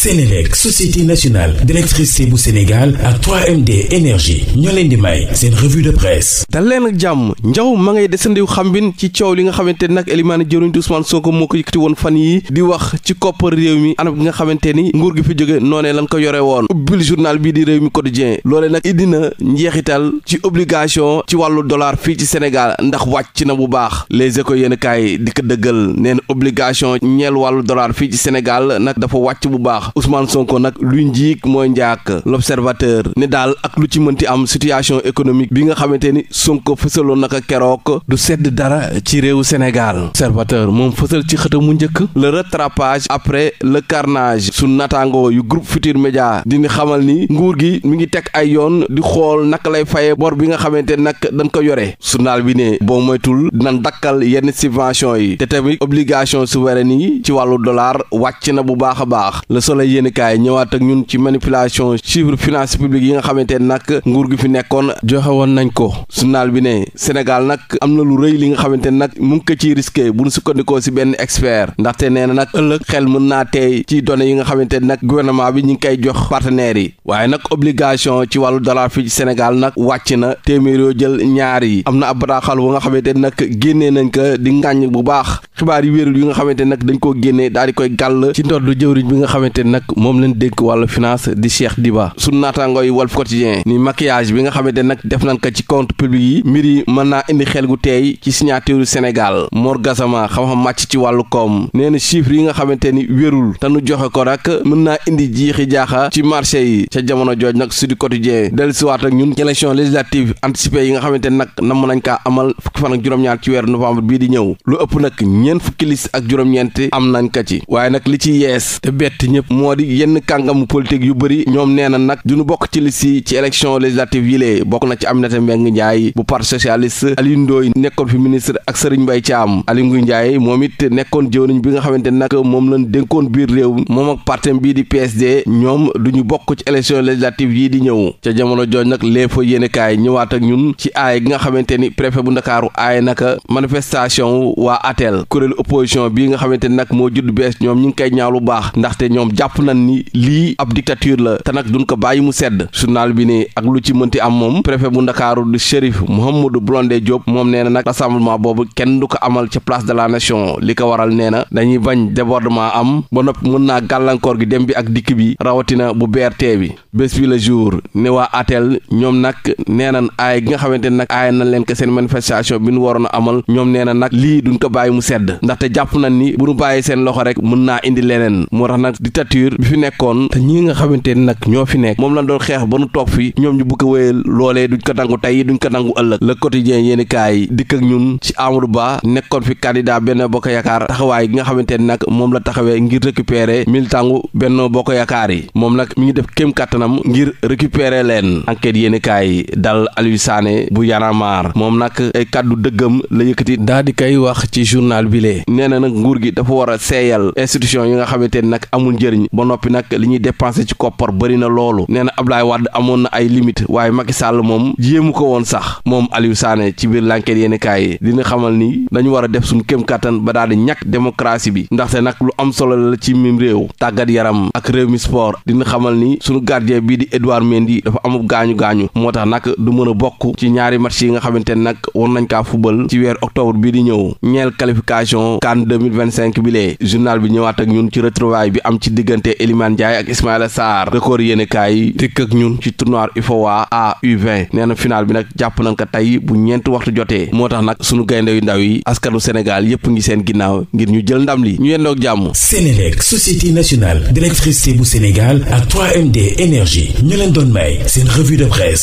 Sénélec société nationale d'électricité bu Sénégal ak 3MD énergie ñoo leen di may seen revue de presse dal leen ak jàmm njaw ma ngay desandiw xambin ci coow li nga xamante ni nag Elimaane jëruñ soo Sonko moo ko yëkkati woon fan yi di wax ci koppar réew mi anam gi nga xamante ni nguur gi fi jóge noonee lan ko yore woon ubbil journal bii di réew mi quotidien loole nag indi na njeexital ci obligation ci wàllu dollar fii ci Sénégal ndax wàcc na bu baax les éco yéen kaay di ko dëggal neen obligation ñeel wàllu dollar fii ci Sénégal nag dafa wàcc bu baax baax Sonko nag luy njiig mooy njaak l'observateur ne daal ak lu ci mënti am situation économique bi nga xamante ni Sonko fësaloon naka keroog du sedd dara ci réew Sénégal observateur moom fësal ci xëta mu njëkk le rattrapage après le carnage su nataango yu groupe Futur Média dini xamal ni nguur gi mi ngi teg ay yoon di xool naka lay faye bor bi nga xamante nag dañ ko yore journal bi ne boo moytul dinañ dakkal yenn subvention yi te tamit obligation souveraine yi ci wàllu dollar wàcc na bu baax a baax solo yéen kaay ñëwaat ak ñun ci manipulation chiffre finance publique yi nga xamante ne nag nguur gi fi nekkoon joxe woon nañ ko journal bi ne Sénégal nag am na lu rëy li nga xamante ne nag mu ngi ko ciy risqué bu ñu sukkandikoo si benn expert ndaxte nee na nag ëllëg xel mën naa teey ci done yi nga xamante ne nag gouvernement bi ñu ngi koy jox partenaires yi waaye nag obligation ci wàllu dollar fi ci Sénégal nag wàcc na téeméer yoo jël ñaar yi am na ab bataaxal bu nga xamante ne nag génnee nañ ko di ngàññ bu baax xibaar yu wérul yu nga xamante nag dañ koo génnee daal di koy gàll ci ndodd jëwriñ bi nga xamante nag moom leen dénk wàllu finance di Cheikh Diba suñ naataangooy Walf Quotidien ni maquillage bi nga xamante nag def nan ko ci compte public yi mbir yi mën naa indi xel gu teey ci signature Sénégal Mor Gassama xam-xam màcc ci wàllu koom nee na chiffres yi nga xamante ni wérul te nu joxe ko rak mën naa indi jiixi jaaxa ci marché yi ca jamono jooj nag Sud Quotidien dellu siwaat ak ñun élection législative anticipée yi nga xamante nag namm nañ kaa amal fukki fan ak juróom-ñaar ci weeru novembre bii di ñëw ñeent fukki liste ak juróom-ñeent am nañ ka ci waaye nag li ci yees te bett ñëpp moo di yenn kàngamu politique yu bëri ñoom nee na nag duñu bokk ci liste yi ci élection législative yi lee bokk na ci Aminata Mbengue Ndiaye bu parti socialiste Aliou Ndoye nekkoon fi ministre ak Serigne bay Thiam am Ngouille Ndiaye moom it nekkoon jëwriñ bi nga xamante nag moom lañ dénkoon biir réew moom ak partem bii di PSD ñoom du ñu bokk ci élection législative yii di ñëw ca jamono jooj nag lee fa yéenekaay ñëwaat ak ñun ci aay gi nga xamante ni préfet bu Ndakaaru aay naka manifestation waa ATEL kuréelu opposition bi nga xamante ni nag moo judd bees ñoom ñu ngi koy baax ndaxte ñoom jàpp nañ ni lii ab dictature la te nag duñ ko bàyyi mu sedd journal bi ne ak lu ci mënti am moom préfet bu ndakaaru du Chérif Mouhamadou Blondé Diop moom nee na nag rassemblement boobu kenn du ko amal ca place de la nation li ko waral nee na dañuy bañ débordement am ba noppi mën naa gàllankoor gi dem bi ak dikk bi rawatina bu BRT bi bés bi la jour ne waa atel ñoom nag nee nañ aay a sedd ndaxte jàpp na ni bu nu bàyyi seen loxo rek mën naa indi leneen moo tax nag dictature bi fi nekkoon te ñi nga xamante ni nag ñoo fi nekk moom la doon xeex ba nu toog fi ñoom ñu bëgg a wéyal loolee duñ ko nangu tey duñ ko nangu ëllëg le quotidien yéeni kaay dikk ak ñun ci Amadou Ba nekkoon fi candidat Benno Bokk Yaakaar taxawaay gi nga xamante ni nag moom la taxawee ngir récupérer militangu Benno Bokk Yaakaar yi moom nag mi ngi def kéem kàttanam ngir récupérer leen enquête yéeni kaay dal Aliou Sané bu Yanamar moom nag ay kàddu dëggam la yëkkati daa di kay wax ci journal bilee nee na nag nguur gi dafa war a seeyal institution yi nga xamante ne nag amul njëriñ ba noppi nag li ñuy dépensé ci koppar bari na loolu nee na Ablaye Wade amoon na ay limite waaye Macky Sall moom jéemu ko woon sax moom Aliou Sané ci biir l'enquête yenn yi dina xamal ni dañu war a def suñ kem kàttan ba daal di ñàkk démocratie bi ndaxte nag lu am solo la ci miim réew tàggat yaram ak réew mi sport dina xamal ni suñu gardien bii di Edouard Mendy dafa amub gaañu-gaañu moo tax nag du mën a bokk ci ñaari match yi nga xamante ne nag war nañ kaa fubal ci weer octobre bii di ñëw préparation CAN 2025 bi lee journal bi ñëwaat ak ñun ci retrouvaille bi am ci diggante Elimane Ndiaye ak Ismaïla Sarr record yéene kaay dikk ak ñun ci tournoi UFOA A U20 nee na final bi nag jàpp nañ ko bu ñeenti waxtu jotee moo tax nag sunu gaynde yu ndaw yi askanu Sénégal yépp ngi seen ginnaaw ngir ñu jël ndam li ñu yendoog jàmm Sénélec société nationale d'électricité bu Sénégal ak md énergie ñu leen doon may seen revue de presse